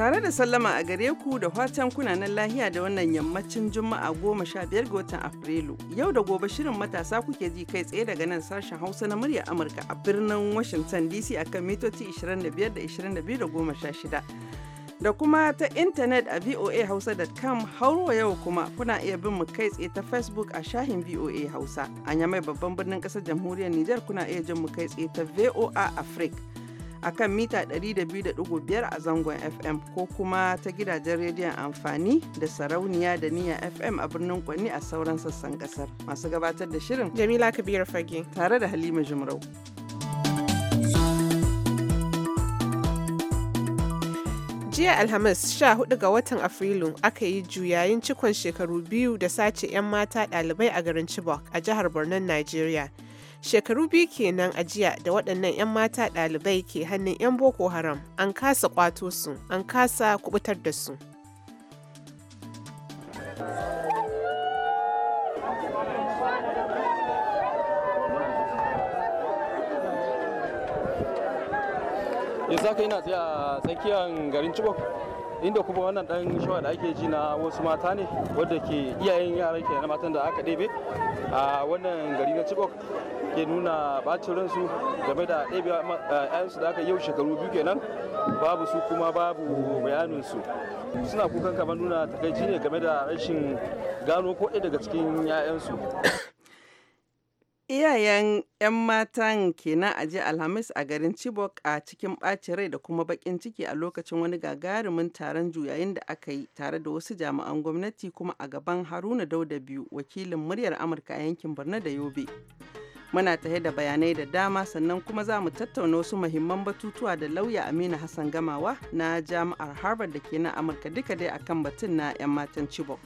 Tare da sallama a gare ku da fatan kunanan lahiya da wannan yammacin Juma'a goma sha biyar ga watan Afrilu. Yau da gobe shirin matasa kuke ji kai tsaye daga nan sashen Hausa na murya Amurka a birnin Washington DC akan mitoci 25 da 22 da goma sha shida. da kuma ta intanet a voahausa.com wa yau kuma kuna iya bin mu kai tsaye ta facebook a shahin voa hausa a yamai babban birnin kasar jamhuriyar niger kuna iya jin mu kai tsaye ta voa africa a kan mita biyar a zangon FM ko kuma ta gidajen rediyon amfani da sarauniya da niya FM a birnin Kwanni a sauran sassan kasar. Masu gabatar da shirin Jamila kabiyar Fage tare da Halima Jumrau. jiya alhamis 14 ga watan afrilu aka yi juyayin cikon shekaru biyu da sace 'yan mata dalibai a garin chibok a jihar borno nigeria Shekaru biyu kenan a jiya da waɗannan 'yan mata ɗalibai ke hannun 'yan Boko Haram an kasa kwato su, an kasa kubutar da su. yanzu haka na tsaye a tsakiyar garin Chibok inda kuma wannan dan shawa da ake ji na wasu mata ne wadda ke iyayen yaran ke na matan da aka ɗebe a wannan gari na Chibok ke nuna bacin ransu game da ɗabiya eh, da aka yau shekaru biyu kenan babu su kuma babu bayaninsu suna kukan kamar nuna takaici ne game da rashin gano ko daga cikin 'ya'yansu iyayen 'yan matan kenan aji alhamis a garin chibok a cikin ɓacin rai da kuma bakin ciki a lokacin wani gagarumin taron juyayin da aka yi tare da wasu jami'an gwamnati kuma a gaban haruna dauda biyu wakilin muryar amurka a yankin birni da yobe Muna tahe da bayanai da dama sannan kuma za mu tattauna wasu muhimman batutuwa da lauya Aminu Hassan Gamawa na jami'ar Harvard da ke na Amurka duka dai akan batun na 'yan matan Chibok.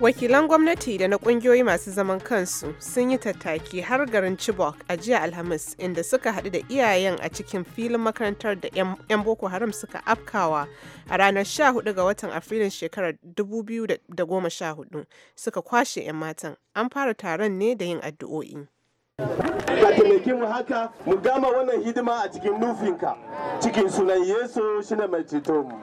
wakilan gwamnati da na kungiyoyi masu zaman kansu sun yi tattaki har garin chibok a jiya alhamis inda suka haɗu da iyayen a cikin filin makarantar da 'yan boko haram suka afkawa a ranar 14 ga watan afrilun shekarar 2014 suka kwashe 'yan matan an fara taron ne da yin addu'o'i ka taimake mu haka mu gama wannan hidima a cikin nufinka cikin sunan yesu shine mai ceto mu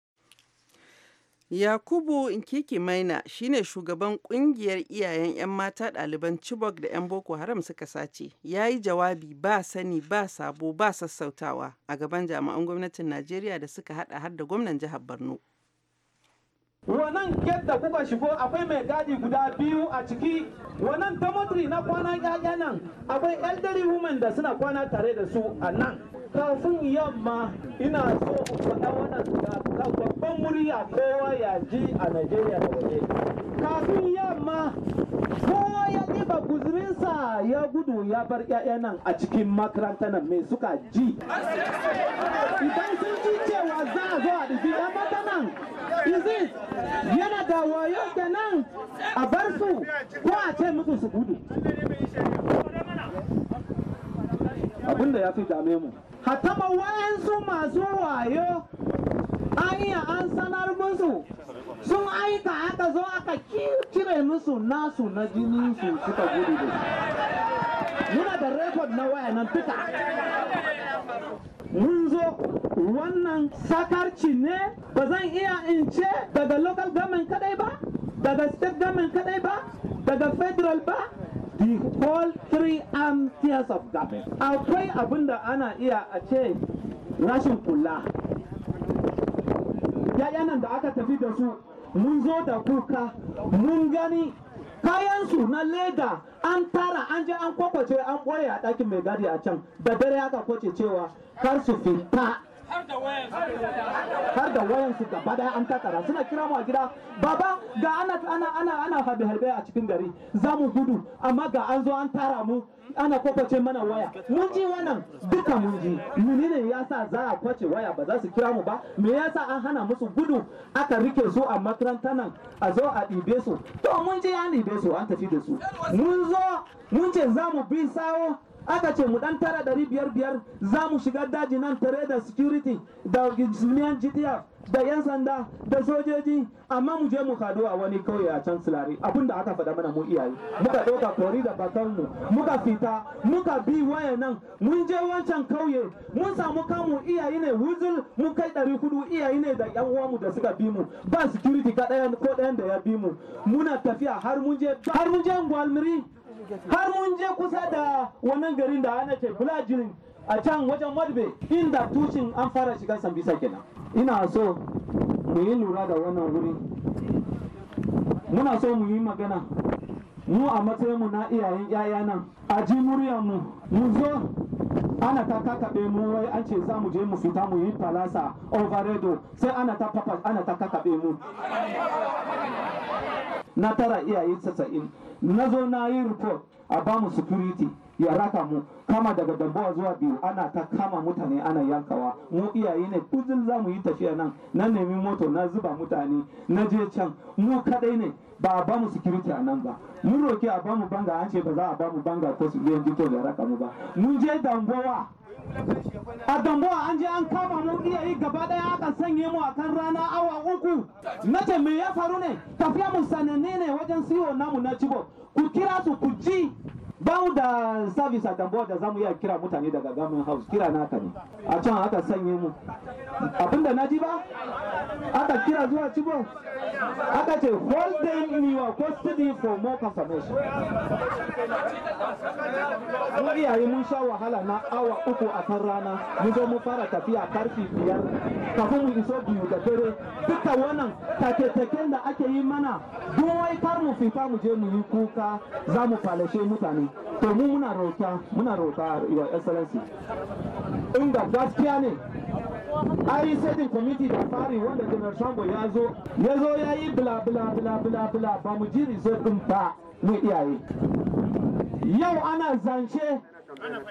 Yakubu Nkeki Maina shine shugaban kungiyar iyayen 'yan mata ɗaliban Chibok da 'yan Boko Haram suka sace. Ya yi jawabi ba sani ba sabo ba sassautawa a gaban jami'an gwamnatin Najeriya da suka hada har da gwamnan jihar Borno. Wannan gate da kuka shigo akwai mai gadi guda biyu a ciki, wannan tamotri na kwana ƴaƴa nan akwai elderly women da suna kwana tare da su a nan. Kafin yamma ina so in faɗa wannan babban kowa ya ji a Najeriya da waje. Kafin yamma kowa ya ɗiba guzurinsa ya gudu ya bar 'ya'ya nan a cikin makaranta nan mai suka ji. Idan sun ji cewa za a zo a ɗibi ɗan mata nan, yana da wayo da nan a bar su ko a ce musu su gudu. Abinda ya fi dame mu. Hatama wayan wayansu masu wayo iya an sanar musu sun aika aka zo aka cire musu nasu na jini su suka gudu da muna da rekod na waya nan duka mun zo wannan sakarci ne ba zan iya in ce daga local government kadai ba daga state government kadai ba daga federal ba the whole three arm tiers of government akwai abinda ana iya a ce rashin kula yayanan da aka tafi da su mun zo da kuka mun gani kayansu na leda an tara an je an kwakwace an ɓoye a ɗakin mai gadi a can da dare aka kwace cewa kar su fita har da wayansu su gaba daya an tattara suna kira mu a gida baba ga ana ana ana ana harbe harbe a cikin gari za mu gudu amma ga an zo an tara mu ana kwakwace mana waya mun ji wannan duka mun ji menene yasa za a kwace waya ba za su kira mu ba me yasa an hana musu gudu aka rike su a makaranta nan a zo a ɗibe su to mun ji an ɗibe su an tafi da su mun zo mun ce za mu bi sawo aka ce mu dan tara dari biyar biyar za mu shiga daji nan tare da security da jimiyan gtf da yan sanda da sojoji amma mu je mu kadu a wani kauye a can sulari abin aka faɗa mana mu iyaye muka ɗauka kori da mu muka fita muka bi waya nan mun je wancan kauye mun samu kamu iyaye ne wuzul mun kai ɗari hudu iyaye ne da yan uwanmu da suka bi mu ba security ka ɗayan ko ɗayan da ya bi mu muna tafiya har mun je har mun je gwalmiri har mun je kusa da wannan garin da ana ce fulajirin a can wajen madbe inda tushen an fara shiga sambisa kenan ina so mu yi lura da wannan wuri muna so mu yi magana mu a matsayinmu na iyayen yaya nan a ji muryarmu mu zo ana ta kakaɓe mu wai an ce za mu je mu fita mu yi palasa overredo sai ana ta papa ana ta kakaɓe mu na tara iyaye casa'in na zo na yi report a bamu security ya raka mu kama daga damboa zuwa biyu ana ta kama mutane ana yankawa mu iyaye ne kuzin za mu yi tafiya nan na nemi moto na zuba mutane na je can mu kadai ne ba a bamu security a nan ba mun roki a bamu banga an ce ba za a bamu banga ko su biyan jito da raka mu ba mu je a damboa an je an kama mu iyaye gaba daya aka sanye mu akan rana awa uku na ce me ya faru ne tafiya mu sanane ne wajen siyo namu na cibo ku kira su ku ji bau da service a tambuwa da zamu iya kira mutane daga gamin house kira naka ne a can aka sanye mu abinda na ji ba aka kira zuwa cibo aka ce hold them in your custody for more confirmation mun iyaye mun sha wahala na awa uku a kan rana mun zo mu fara tafiya karfi biyar kafin mu iso biyu da dare duka wannan take-taken da ake yi mana duk kar mu fita mu je mu yi kuka za mu falashe mutane to mu muna rauta muna rauta your excellency inda gaskiya ne ai setting committee da fari wanda general sambo ya zo ya zo ya yi bla bla bla bla bla ba mu ji result din ba mu iyaye yau ana zance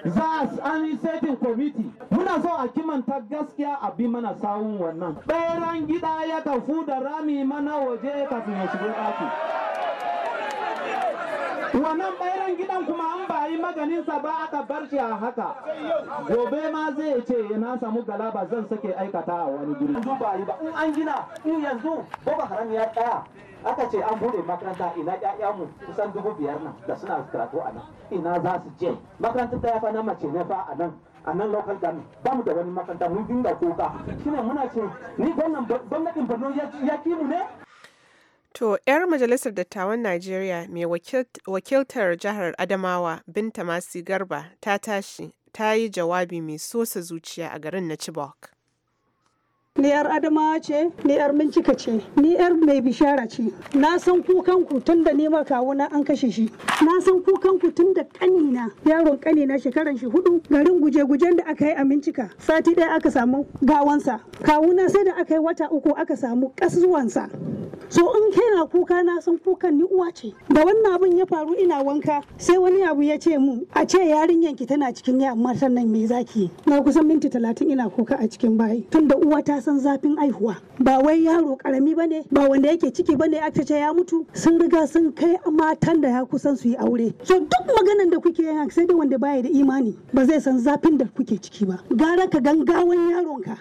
za a an yi setting committee muna so a kimanta gaskiya a bi mana sawun wannan ɓeran gida ya tafu da rami mana waje kafin ya shigo ɗaki wannan wannan gidan kuma an ba yi maganinsa ba aka bar shi a haka gobe ma zai ce na samu galaba zan sake aikata a wani gini yanzu ba yi ba in an gina in yanzu boko haram ya tsaya aka ce an bude makaranta ina ƴaƴanmu kusan dubu biyar nan da suna karatu a nan ina za su je makarantar ta fa na mace ne fa a nan a nan local government ba mu da wani makaranta mun dinga kuka shine muna ce ni gwamnatin Borno ya ki mu ne To, 'yar majalisar dattawan Najeriya mai wakiltar jihar Adamawa Binta Masi Garba ta tashi ta yi jawabi mai sosa zuciya a garin na Chibok. ni yar adama ce ni yar bincika ce ni yar mai bishara ce na san kukan ku tun da nema kawuna an kashe shi na san kukan ku tun da kanina yaron ƙanina shekaran shi hudu garin guje-gujen da aka yi a bincika sati ɗaya aka samu gawansa kawuna sai da aka yi wata uku aka samu kasuwansa so in kai na kuka na san kukan ni uwa ce da wannan abin ya faru ina wanka sai wani abu ya ce mu a ce yarinyanki tana cikin yamma sannan me zaki na kusan minti talatin ina kuka a cikin bayi tun da uwa ta san zafin aihuwa ba wai yaro karami bane ba wanda yake ciki bane aka ce ya mutu sun riga sun kai matan da ya kusan su yi aure so duk maganan da kuke yana sai dai wanda baya da imani ba zai san zafin da kuke ciki ba gara ka gangawan yaronka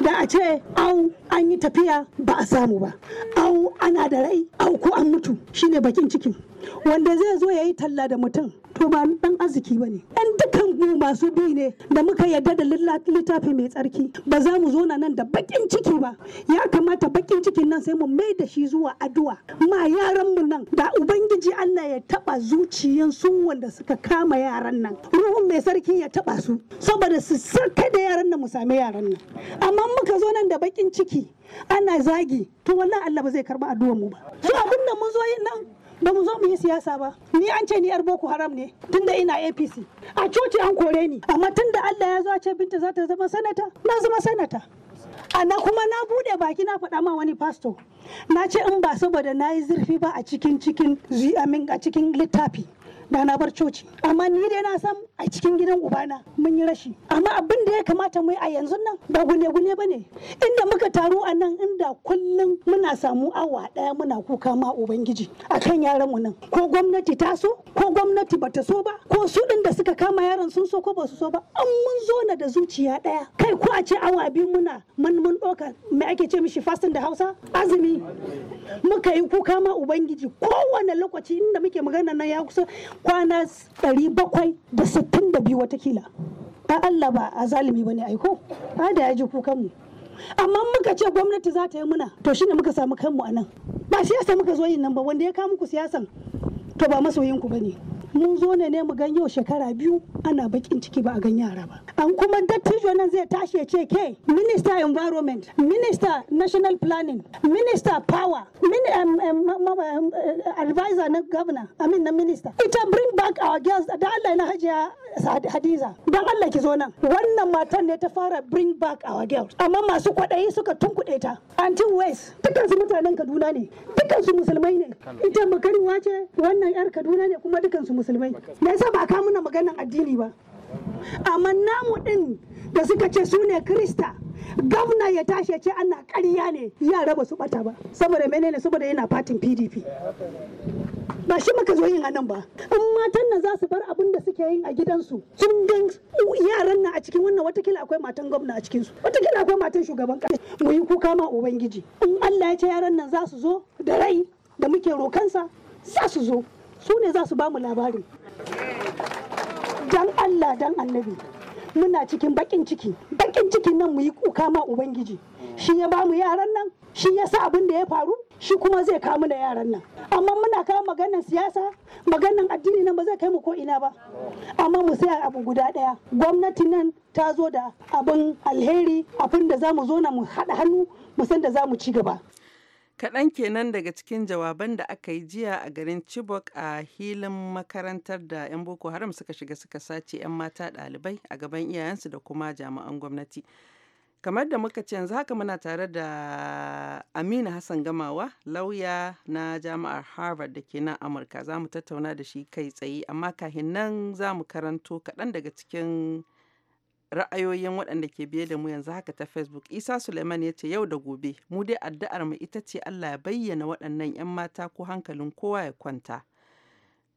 da a ce au an yi tafiya ba a samu ba au ana da rai au ko an mutu shine bakin cikin wanda zai zo ya yi talla da mutum to ba dan arziki ba ne ɗan dukan mu masu bi ne da muka yarda da littafi mai tsarki ba za mu zo nan da bakin ciki ba ya kamata bakin cikin nan sai mu mai da shi zuwa addu'a ma yaran mu nan da ubangiji Allah ya taba zuciyan su wanda suka kama yaran nan ruhun mai sarki ya taba su saboda su sarka da yaran nan mu same yaran nan amma muka zo nan da bakin ciki ana zagi to wallahi Allah ba zai karba addu'ar mu ba so abinda da mun zo yin nan ba mu zo mu yi siyasa ba ni an ce ni yar boko haram ne tunda ina apc a coci an kore ni amma tunda allah ya zo ce binta za ta zama sanata na zama sanata ana kuma na bude baki na faɗa ma wani pastor na ce in ba saboda na yi zurfi ba a cikin cikin a cikin littafi da na bar coci amma ni dai na san a cikin gidan ubana mun yi rashi amma abin da ya kamata mu yi a yanzu nan ba gune-gune ba ne inda muka taru a nan inda kullum muna samu awa daya muna kuka ma ubangiji akan yaran mu nan ko gwamnati ta so ko gwamnati ba ta so ba ko su ɗin da suka kama yaran sun so ko ba su so ba an mun zo na da zuciya daya. kai ko a ce awa biyu muna mun mun doka me ake ce mishi fasting da hausa azumi muka yi kuka ma ubangiji kowane lokaci inda muke magana na ya kusa kwana 762 watakila a Allah ba a zalimi ba ne aiko a da ya kukan mu. amma muka ce gwamnati za ta yi muna to ne muka samu kanmu a nan ba siyasa muka zo yin nan ba wanda ya kama ku siyasan to ba masoyinku ba ne mun zo ne ne mu gan yau shekara biyu ana bakin ciki ba a gan yara ba an kuma dattijo nan zai tashi ya ce ke minister environment minister national planning minister power eh, advisor na governor amin na minister ita bring back our girls da Allah na hajiya hadiza don Allah ki zo nan wannan matan ne ta fara bring back our girls amma masu kwaɗayi suka tunkuɗe ta anti west su mutanen kaduna ne su musulmai ne ita makarin wace wannan yar kaduna ne kuma dukansu musulmai me yasa ba ka muna maganan addini ba amma namu din da suka ce su ne krista gwamna ya tashi ce ana karya ne yara ba su bata ba saboda menene saboda yana fatin pdp ba shi muka zo yin anan ba in matan nan za su bar abin da suke yin a gidansu sun gan yaran nan a cikin wannan watakila akwai matan gwamna a cikinsu watakila akwai matan shugaban kasa mu yi kuka ma ubangiji in Allah ya ce yaran nan za su zo da rai da muke rokansa za su zo su ne za su ba mu labarin dan allah dan annabi muna cikin bakin ciki bakin ciki nan mu yi kuka ma ubangiji shi ya ba mu yaran nan shi ya sa abin da ya faru shi kuma zai kawo mana yaran nan amma muna kawo maganar siyasa maganar addini nan ba zai kai mu ko ina ba amma mu sai abu guda daya gwamnati nan ta zo da abin alheri abin da za mu zo na mu haɗa hannu mu da za mu ci gaba Kaɗan kenan daga cikin jawaban da aka yi jiya a garin Chibok a hilin makarantar da 'yan Boko Haram suka shiga suka sace 'yan mata ɗalibai a gaban iyayensu da kuma jami'an gwamnati. Kamar da muka ce yanzu haka muna tare da Aminu Hassan Gamawa, lauya na jami'ar Harvard da ke nan Amurka. Za mu tattauna da shi kai tsaye, amma kahin nan za mu karanto kaɗan daga cikin ra'ayoyin waɗanda ke biye da mu yanzu haka ta Facebook. Isa Suleiman ya ce yau da gobe, mu dai addu'ar mu ita ce Allah ya bayyana waɗannan 'yan mata ko hankalin kowa ya kwanta.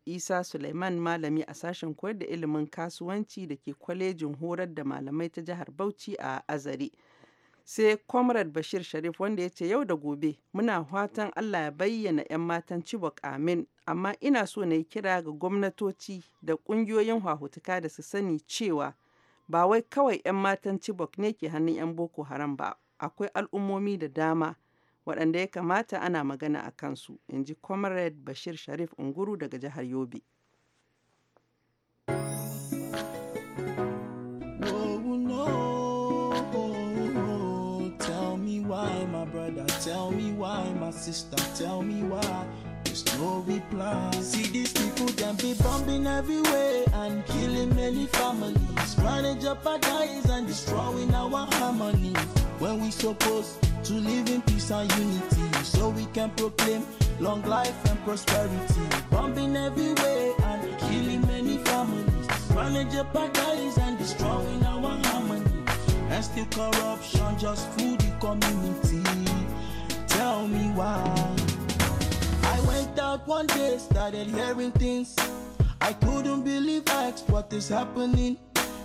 Isa Suleiman malami a sashen koyar da ilimin kasuwanci da ke kwalejin horar da malamai ta jihar Bauchi a Azare. Sai Comrade Bashir Sharif wanda ya ce yau da gobe muna fatan Allah ya bayyana 'yan matan Chibok Amin amma ina so na yi kira ga gwamnatoci da ƙungiyoyin hahutuka da su sani cewa ba wai kawai 'yan matan Chibok ne ke hannun 'yan Boko Haram ba, akwai al'ummomi da dama waɗanda ya kamata ana magana a kansu, in ji Comrade Bashir Sharif Unguru daga jihar Yobe. Oh, tell me why, sister, tell me why. There's no reply. See these people can be bombing everywhere and killing many families. Running guys and destroying our harmony. When we supposed to live in peace and unity, so we can proclaim long life and prosperity. Bombing everywhere and killing many families. Running guys and destroying our harmony. And still corruption just food the community. Tell me why one day, started hearing things. I couldn't believe I asked what is happening.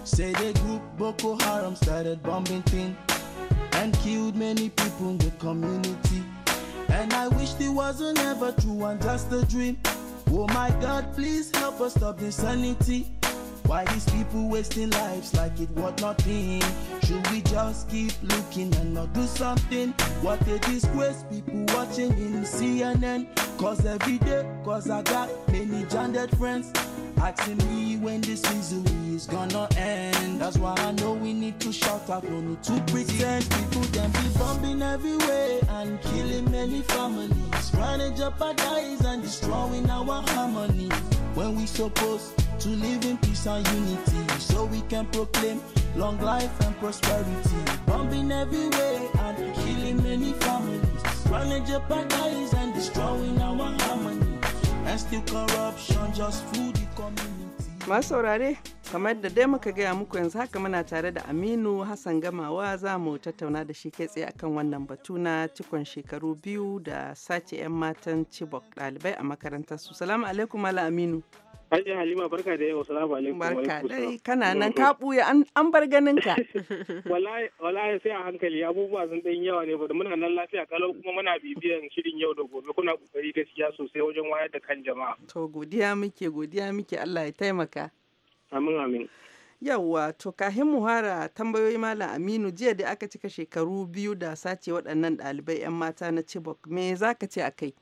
Say the group Boko Haram started bombing things and killed many people in the community. And I wished it wasn't ever true and just a dream. Oh my God, please help us stop this sanity. Why these people wasting lives like it was nothing? Should we just keep looking and not do something? What a disgrace, people watching in CNN. Cause every day, cause I got many gendered friends asking me when this misery is gonna end. That's why I know we need to shout out, no need to pretend. People then be bombing everywhere and killing many families, running jeopardize and destroying our harmony when we supposed to live in peace and unity so we can proclaim long life and prosperity bombing everywhere and killing many families running jeopardies and destroying our harmony and still corruption just food the community my sorare kamar da dai muka gaya muku yanzu haka muna tare da aminu hassan gamawa za mu tattauna da shi kai tsaye akan wannan batu na cikon shekaru biyu da sace 'yan matan chibok dalibai a makarantar su salamu alaikum ala aminu Hajji Halima barka da yau salamu alaikum barka dai kana nan ka buya an bar ganin ka wallahi sai a hankali abubuwa sun dan yawa ne bada muna nan lafiya kalau kuma muna bibiyan shirin yau da gobe kuna kokari gaskiya sosai wajen wayar da kan jama'a to godiya muke godiya muke Allah ya taimaka Amin amin. Yawwa, to kahin muhara tambayoyi Malam Aminu jiya da aka cika shekaru biyu da sace waɗannan ɗalibai 'yan mata na Chibok, me za ka ce a kai?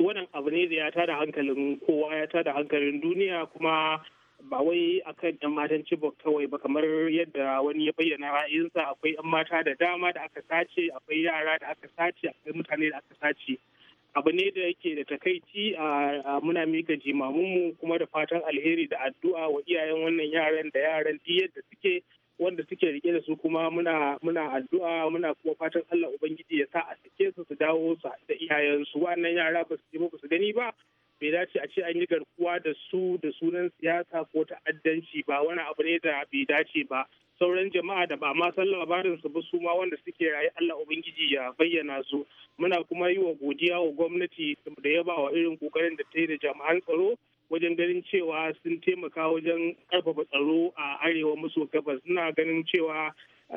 Wannan abu ne da ya tada hankalin kowa ya tada hankalin duniya kuma ba wai a kan 'yan matan Chibok kawai ba kamar yadda wani ya bayyana ra'ayinsa akwai 'yan mata da dama da aka sace, akwai yara da aka sace, akwai mutane da aka sace. abu ne da yake da takaici a muna mika jimamunmu kuma da fatan alheri da addu'a wa iyayen wannan yaran da yaran yadda suke wanda suke rike da su kuma muna muna addu'a muna kuma fatan Allah ubangiji ya sa a sake su su dawo su da iyayen su wannan yara ba su je ba su gani ba bai dace a ce an yi garkuwa da su da sunan siyasa ko ta'addanci ba wani abu ne da bai dace ba sauran jama'a da ba ma san labarin su ba su ma wanda suke rayu Allah ubangiji ya bayyana su muna kuma yi wa godiya wa gwamnati da ya ba wa irin kokarin da ta yi da jami'an tsaro wajen ganin cewa sun taimaka wajen karfafa tsaro a arewa maso gabas suna ganin cewa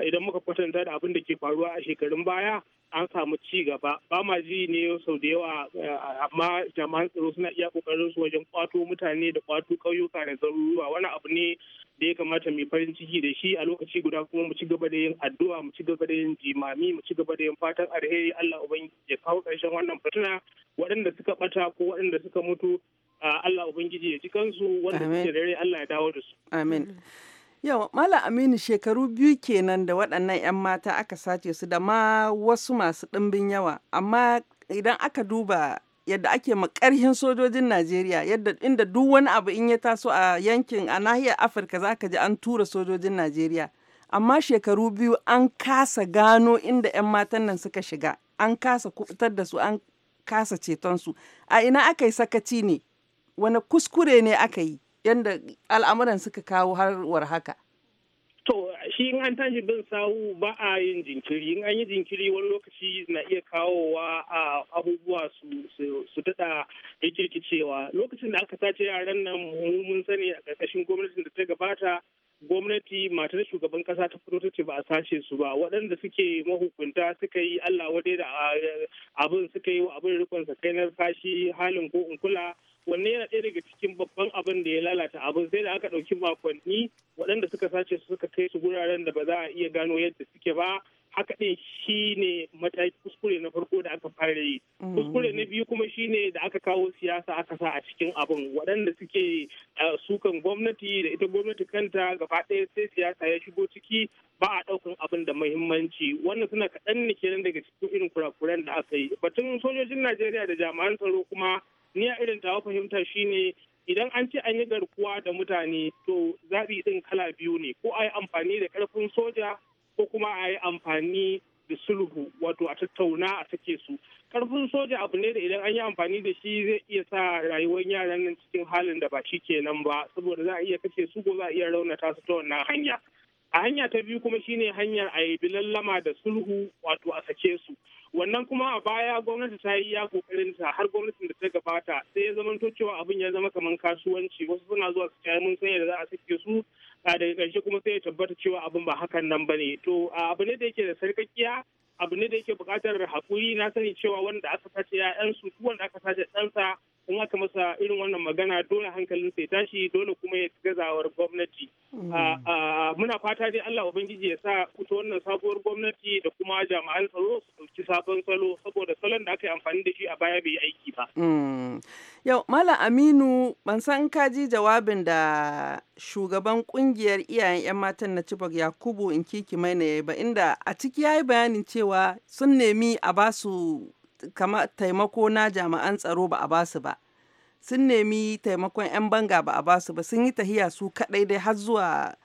idan muka kwatanta da abin da ke faruwa a shekarun baya an samu ci gaba ba ma ji ne sau da yawa eh, amma jama'an tsaro suna iya kokarin su wajen kwato mutane da kwato kauyuka da zaruruwa wani abu ne da ya kamata mai farin ciki da shi a lokaci guda kuma mu ci gaba da yin addu'a mu ci gaba da yin jimami mu ci gaba da yin fatan alheri Allah ubangiji ya kawo karshen wannan fitina waɗanda suka bata ko waɗanda suka mutu ah, Allah ubangiji ya ji kansu wanda suke Allah ya dawo da su amin Yau, Mala Aminu shekaru biyu kenan da waɗannan 'yan mata aka sace su da ma wasu masu ɗimbin yawa, amma idan aka duba yadda ake makarhin sojojin Najeriya yadda inda duk wani abu in ya taso a yankin a nahiyar Afirka za ka ji an tura sojojin Najeriya. Amma shekaru biyu an kasa gano inda 'yan matan nan suka shiga, an kasa kubutar da su an kasa ceton su. A ina aka yi sakaci ne? Wani kuskure ne aka yi? yadda al'amuran suka kawo har haka? To, shi in an tashi bin sawu ba a yin jinkiri, in an yi jinkiri wani lokaci na iya kawowa a abubuwa su daɗa rikirkicewa. Lokacin da aka sace yaran nan mun sani a ƙarƙashin gwamnatin da ta gabata gwamnati matar shugaban kasa ta fito ce ba a sace su ba waɗanda suke mahukunta suka yi Allah wadai da abin suka yi wa abin rikon sa kai na fashi halin ko in kula wanne yana ɗaya daga cikin babban abin da ya lalata abin sai da aka ɗauki makonni waɗanda suka sace su suka kai su guraren da ba za a iya gano yadda suke ba haka ɗin shi ne mataki kuskure na farko da aka fara yi mm. kuskure na biyu kuma shi ne da aka kawo siyasa aka sa a cikin abin waɗanda suke sukan gwamnati da ita gwamnati kanta gaba ɗaya sai siyasa ya shigo ciki ba a ɗaukan abin da mahimmanci wannan suna kaɗan ne kenan daga cikin irin kurakuran da aka yi batun sojojin najeriya da jami'an tsaro kuma ni a irin tawa fahimta shine idan an ce an yi garkuwa da mutane to zaɓi ɗin kala biyu ne ko a yi amfani da ƙarfin soja ko kuma a yi amfani da sulhu wato a tattauna a sake su ƙarfin soja abu ne da idan an yi amfani da shi zai iya sa rayuwar yaran nan cikin halin da ba shi kenan ba saboda za a iya kashe su ko za a iya raunata su ta wannan hanya a hanya ta biyu kuma shine hanyar a yi lallama da sulhu wato a sake su wannan kuma a baya gwamnati ta yi ya kokarin ta har gwamnatin da ta gabata sai ya zama to cewa abin ya zama kamar kasuwanci wasu suna zuwa su kai mun sanya da za a sake su daga ƙarshe kuma sai ya tabbata cewa abin ba hakan nan bane to abu ne da yake da sarkakiya abu ne da yake buƙatar haƙuri na sani cewa wanda aka sace 'ya'yansu su wanda aka sace ɗansa in aka masa irin wannan magana dole hankalin sai tashi dole kuma ya gazawar gwamnati mm. muna fata dai Allah ubangiji ya sa kuta wannan sabuwar gwamnati da kuma jami'an tsaro su ɗauki sabon salo saboda salon da aka yi amfani da shi a baya bai aiki ba mm. yau malam Aminu ban san ka ji jawabin da shugaban kungiyar iyayen yan matan na Chibok Yakubu Inkiki Maina yayi ba inda a ciki ya yi bayanin cewa sun nemi a basu kama taimako na jami'an tsaro ba a basu ba sun nemi taimakon 'yan banga ba a basu ba sun yi tahiya su kaɗai dai har zuwa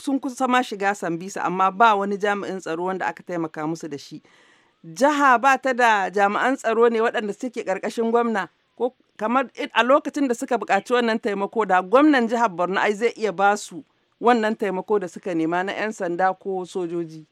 sun kusa ma shiga sambisa amma ba wani jami'in tsaro wanda aka taimaka musu da shi jiha ba ta da jami'an tsaro ne waɗanda suke ƙarƙashin gwamna ko kamar a lokacin da suka buƙaci wannan taimako da gwamnan jihar borno ai zai iya basu wannan taimako da suka nema na 'yan sanda ko sojoji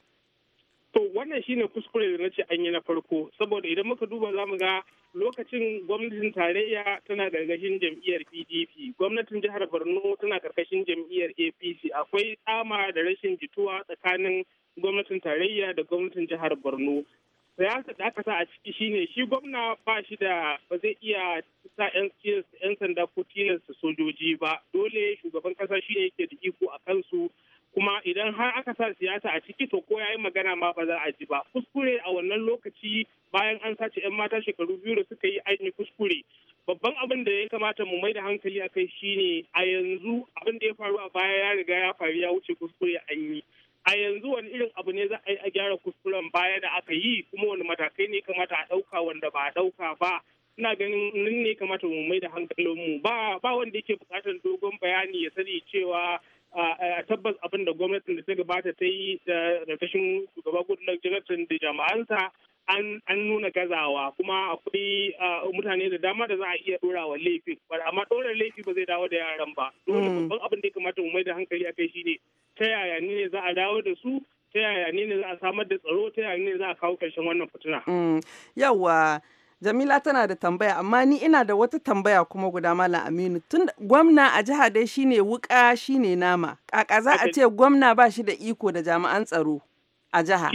To wannan shine kuskure da na ce an yi na farko saboda idan muka duba za mu ga lokacin gwamnatin tarayya tana gargashin jam'iyyar PDP gwamnatin jihar Borno tana karkashin jam'iyyar APC akwai tsama da rashin jituwa tsakanin gwamnatin tarayya da gwamnatin jihar Borno siyasa da aka sa a ciki shine shi gwamna ba shi da ba zai iya sa yan sanda ko tilasta sojoji ba dole shugaban kasa shine yake da iko a kansu kuma idan har aka sa siyasa a ciki to ko yayi magana ma ba za a ji ba kuskure a wannan lokaci bayan an sace yan mata shekaru biyu da suka yi aini kuskure babban abin da ya kamata mu mai da hankali a kai shine a yanzu abin da ya faru a baya ya riga ya faru ya wuce kuskure an yi a yanzu wani irin abu ne za a yi a gyara kuskuren baya da aka yi kuma wani matakai ne kamata a ɗauka wanda ba a ɗauka ba ina ganin nan ne kamata mu mai da hankalinmu ba ba wanda yake bukatar dogon bayani ya sani cewa a tabbas abin da gwamnatin da ta gabata ta yi da rafishin shugaba goodluck jonathan da jama'ansa an nuna gazawa kuma akwai mutane da dama da za a iya dora wa laifi amma dora laifi ba zai dawo da yaran ba mm. dole babban abin da ya kamata mu mai da hankali akai shine ta yaya ne za a dawo da su ta yaya ne za a samar da tsaro ta yaya ne za a kawo karshen wannan fitina mm. yawa Jamila tana da tambaya amma ni ina da wata tambaya kuma guda Malam Aminu tun gwamna a jiha dai shine wuka shine nama kaka za a ce gwamna ba shi da iko da jami'an tsaro a jiha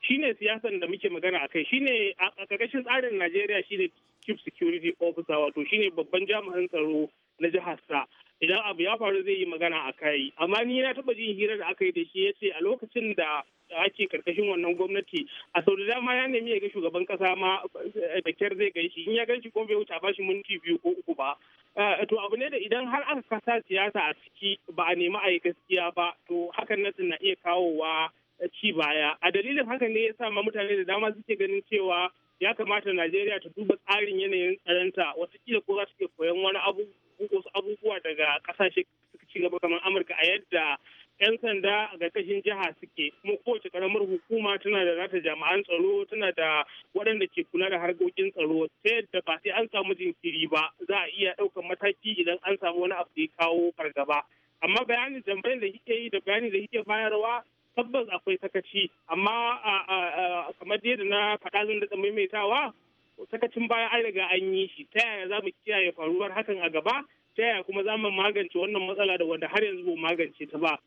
shine siyasan da muke magana akai shine a karkashin tsarin Najeriya shine chief security officer wato shine babban jami'an tsaro na jihar sa idan abu ya faru zai yi magana akai amma ni na taba jin hira da aka yi da shi yace a lokacin da ake karkashin wannan gwamnati a sau da dama ya nemi ya ga shugaban kasa ma eh, da kyar zai gan shi in ya gan shi kuma bai wuce ba shi minti biyu ko uku ba eh, to abu ne da idan har aka kasa siyasa a ciki ba a nemi a yi gaskiya ba to hakan na na iya kawowa eh, ci baya a dalilin haka ne ya sa ma mutane da dama suke ganin cewa ya kamata najeriya ta duba tsarin yanayin tsaranta watakila ko za su ke koyon wani abubuwa daga kasashe suka ci gaba kamar amurka a yadda 'yan sanda a kashin jiha suke kuma kowace karamar hukuma tana da zata jami'an tsaro tana da waɗanda ke kula da harkokin tsaro ta yadda ba sai an samu jinkiri ba za a iya ɗaukar mataki idan an samu wani abu da ya kawo fargaba amma bayanin jambayin da kike yi da bayanin da kike bayarwa tabbas akwai sakaci amma kamar yadda na faɗa zan da maimaitawa sakacin baya an riga an yi shi ta yaya za mu kiyaye faruwar hakan a gaba ta yaya kuma za mu magance wannan matsala da wanda har yanzu magance ta ba.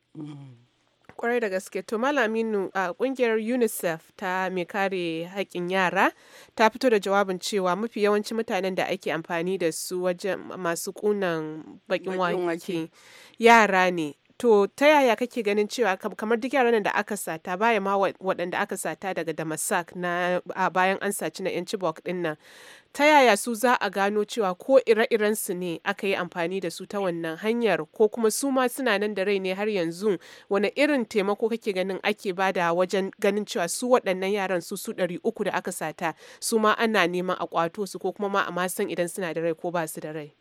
kwarai da gaske to malaminu a kungiyar unicef ta mai kare haƙƙin yara ta fito da jawabin cewa mafi yawancin mutanen da ake amfani da su wajen masu kunan bakin wake yara ne to ta yaya kake ganin cewa kamar duk yaran da aka sata baya ma waɗanda aka sata daga damasak na a bayan an saci na yanci bok din nan ta yaya su za a gano cewa ko ire-iren su ne aka yi amfani da su ta wannan hanyar ko kuma su ma suna nan da rai ne har yanzu wani irin taimako kake ganin ake bada wajen ganin cewa su waɗannan yaran su su ɗari uku da aka sata su ma ana neman a kwato su ko kuma ma a masan idan suna da rai ko ba su da rai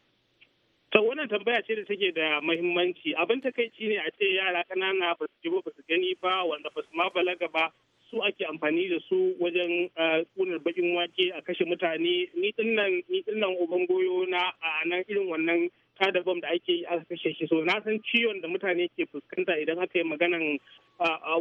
To wannan tambaya ce da take da mahimmanci abin takaici ne a ce yara kanana ba su ji ba su gani ba wanda ba su ma balaga ba su ake amfani da su wajen kunar eh, bakin wake a kashe mutane ni dinnan ni dinnan uban na a nan irin wannan tada bom da ake yi aka kashe shi so na san ciwon da mutane ke fuskanta idan aka yi maganan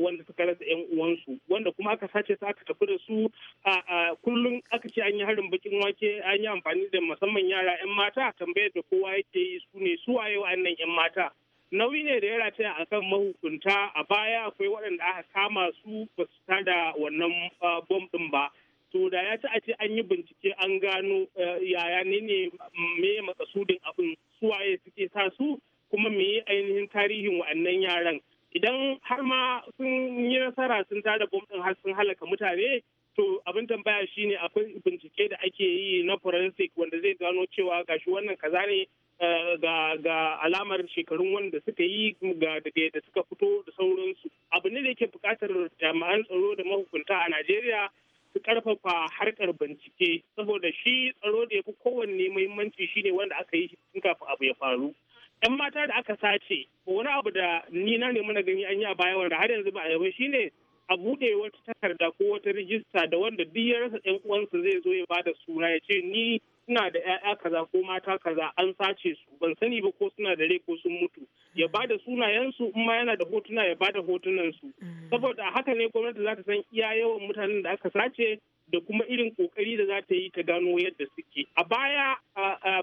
wanda suka rasa yan uwansu wanda kuma aka sace su aka tafi da su a kullum aka ce an yi harin bakin wake an yi amfani da musamman yara yan mata tambayar da kowa yake yi su ne su waye wa'annan yan mata nauyi ne da ya rataya a kan mahukunta a baya akwai waɗanda aka kama su ba su tada wannan bom ɗin ba to da ya ci a ce an yi bincike an gano eh, yaya ne ne me makasudin abin suwaye suke sa su kuma me ainihin tarihin wa'annan yaran idan har ma sun yi nasara sun tada bom din har sun halaka mutane to abin tambaya shine akwai bincike da ake yi na forensic wanda zai gano cewa gashi wannan kaza ne eh, ga alamar shekarun wanda suka yi ga daga da suka fito da sauransu abu ne da yake bukatar jami'an tsaro da mahukunta a najeriya su karfafa harkar bincike saboda shi tsaro da ya fi kowanne muhimmanci shi ne wanda aka yi tun kafin abu ya faru yan mata da aka sace wani abu da ni na nemi na gani an yi a baya wanda har yanzu ba a yaba ne a buɗe wata takarda ko wata rijista da wanda duk ya rasa uwansa zai zo ya bada suna ya ce ni suna da 'ya'ya kaza ko mata kaza an sace su ban sani ba ko suna da rai ko sun mutu ya bada da sunayensu in ma yana da hotuna ya bada da hotunansu mm. saboda haka ne gwamnati za ta san iya yawan mutanen da aka sace da kuma irin kokari da za ta yi ta gano yadda suke a baya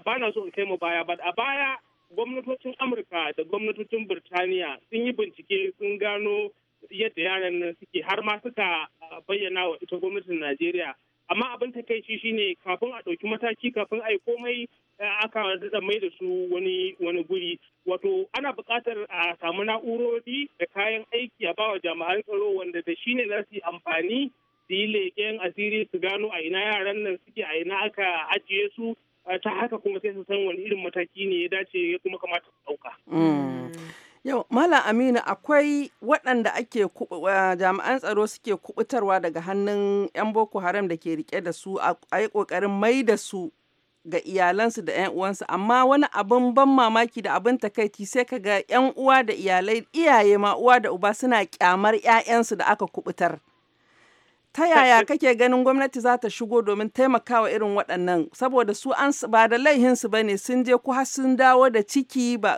ba na so in kai mu baya ba a baya gwamnatocin amurka da gwamnatocin birtaniya sun yi bincike sun gano yadda yaran nan suke har ma suka bayyana wa ita gwamnatin najeriya amma abin ta kai shi shine kafin a ɗauki mataki kafin a yi komai eh, aka daɗa mai da su wani wani guri wato ana buƙatar a samu na'urori da kayan aiki a bawa jami'an tsaro wanda da shi ne za su yi amfani su yi leƙen asiri su gano a ina yaran nan suke a ina aka ajiye su eh, ta haka kuma sai su san wani irin mataki ne ya dace ya kuma kamata su ɗauka. Mm. Yau, mala Aminu akwai waɗanda ake jami'an tsaro suke kubutarwa daga hannun 'yan Boko Haram da ke rike da su a yi ƙoƙarin mai da su ga iyalansu da 'yan uwansu amma wani abin ban mamaki da abin takaiti sai ka ga 'yan uwa da iyalai iyaye ma uwa da uba suna kyamar 'ya'yansu da aka kubutar. ta yaya kake ganin gwamnati za ta shigo domin taimakawa irin waɗannan saboda su an ba da laihinsu ba ne sun je ku har sun dawo da ciki ba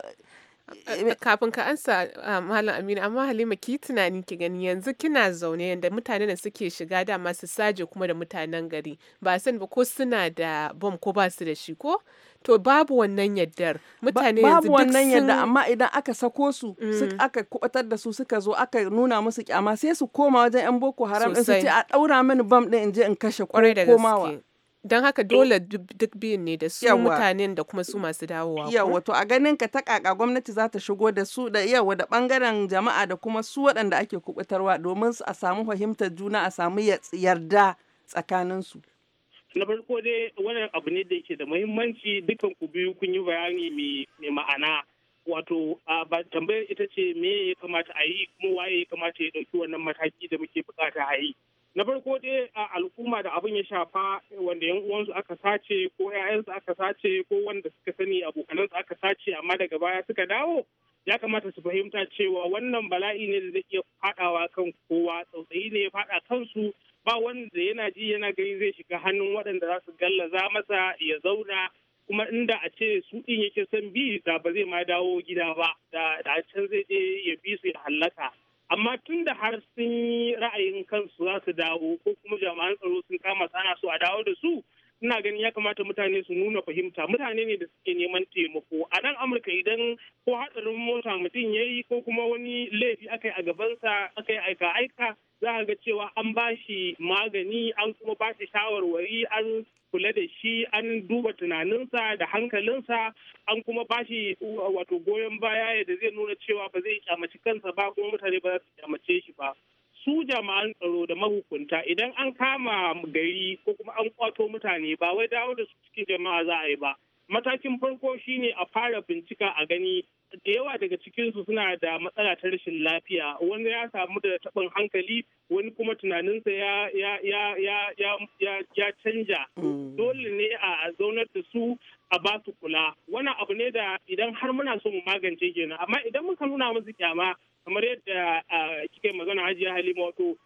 kafin ka ansa malam aminu amma halima ki tunani ki gani yanzu kina zaune yanda mutane da suke shiga da masu saje kuma da mutanen gari ba san ba ko suna da bom ko ba su da shi ko to babu wannan yaddar mutane yanzu babu wannan yadda amma idan aka sako su mm. aka kubatar da su suka zo aka nuna musu kyama sai su koma wajen yan boko haram din su ce a daura mini bom din in je in kashe kwarai da gaske. don haka eh. dole duk biyun ne da su mutanen da kuma su masu dawowa yawa to a ganin ka ta kaka gwamnati za ta shigo da su da yawa da bangaren jama'a da kuma su waɗanda ake kubutarwa domin a samu fahimtar juna a samu yarda tsakanin su na farko dai wannan abu ne da yake da muhimmanci dukan ku biyu kun yi bayani mai ma'ana wato ba tambayar ita ce me ya kamata a yi kuma waye ya kamata ya ɗauki wannan mataki da muke bukata a yi na farko dai a al'umma da abin ya shafa wanda yan uwansu aka sace ko 'ya'yansu aka sace ko wanda suka sani abokanansu aka sace amma daga baya suka dawo ya kamata su fahimta cewa wannan bala'i ne da zai iya fadawa kan kowa tsautsayi ne ya fada kansu ba wanda yana ji yana gani zai shiga hannun waɗanda za su gallaza masa ya zauna kuma inda a ce su ɗin yake son bi da ba zai ma dawo gida ba da a can zai je ya bi su ya hallaka amma tun da har sun yi ra'ayin kansu za su dawo ko kuma jami'an tsaro sun kama su a dawo da su ina ganin ya kamata mutane su nuna fahimta mutane ne da suke neman taimako a nan amurka idan ko hatsarin mota mutum ya yi ko kuma wani laifi aka yi a gabansa aka yi aika aika za ga cewa an ba shi magani an kuma ba shi shawarwari an kula da shi an duba tunaninsa da hankalinsa an kuma ba shi wato goyon baya da zai nuna cewa ba zai kyamaci kansa ba kuma mutane ba za su kyamace shi ba su jama'an tsaro da mahukunta idan an kama gari ko kuma an kwato mutane ba wai dawo da su cikin jama'a za a yi ba matakin farko shine a fara bincika a gani da yawa daga cikinsu suna da matsala ta rashin lafiya wani ya samu da taɓin hankali wani kuma tunaninsa ya ya canja mm. dole ne a zaunar da su a ba su kula wani abu ne da idan har muna so mu magance kenan amma idan muka nuna musu kyama kamar yadda kike magana hajiya halima wato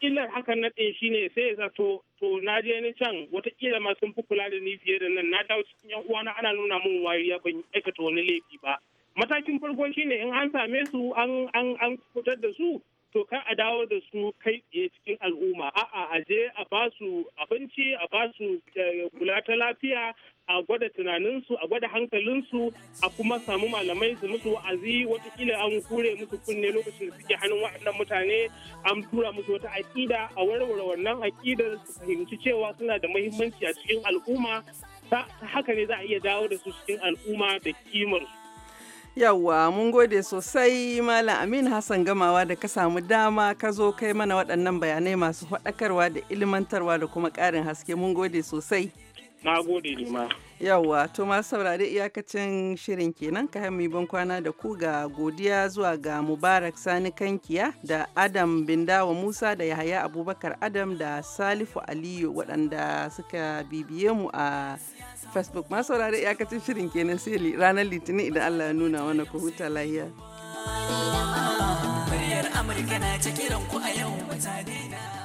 illar hakan na ɗin shine sai ya zato to na je ni can kila ma sun fi kula da ni fiye da nan na dawo cikin yan uwana ana nuna min ya ban aikata wani laifi ba matakin farko shine in an same su an an fitar da su to ka a dawo da su kai tsaye cikin al'umma a'a a je a ba su abinci a ba su eh, kula ta lafiya a gwada tunaninsu a gwada hankalinsu a kuma samu malamai su musu wa'azi watakila an kure musu kunne lokacin da suke hannun waɗannan mutane an tura musu wata aƙida a warware wannan aƙidar su fahimci cewa suna da muhimmanci a cikin al'umma ta haka ne za a iya dawo da su cikin al'umma da kimar Yawwa mun gode sosai Malam Amin Hassan gamawa da ka samu dama ka zo kai mana waɗannan bayanai masu faɗakarwa da ilmantarwa da kuma ƙarin haske mun gode sosai. Na gode ma. Yawwa, to ma saurari iyakacin shirin kenan ka hami ban kwana da ku ga godiya zuwa ga Mubarak Sani Kankiya da Adam Bindawa Musa da Yahaya Abubakar Adam da Salifu Aliyu waɗanda suka bibiye mu a Facebook. Ma saurari iyakacin shirin kenan sai ranar Litinin idan Allah ya nuna wani ku huta lahiya. Amurka na ta kiran ku a yau mutane na.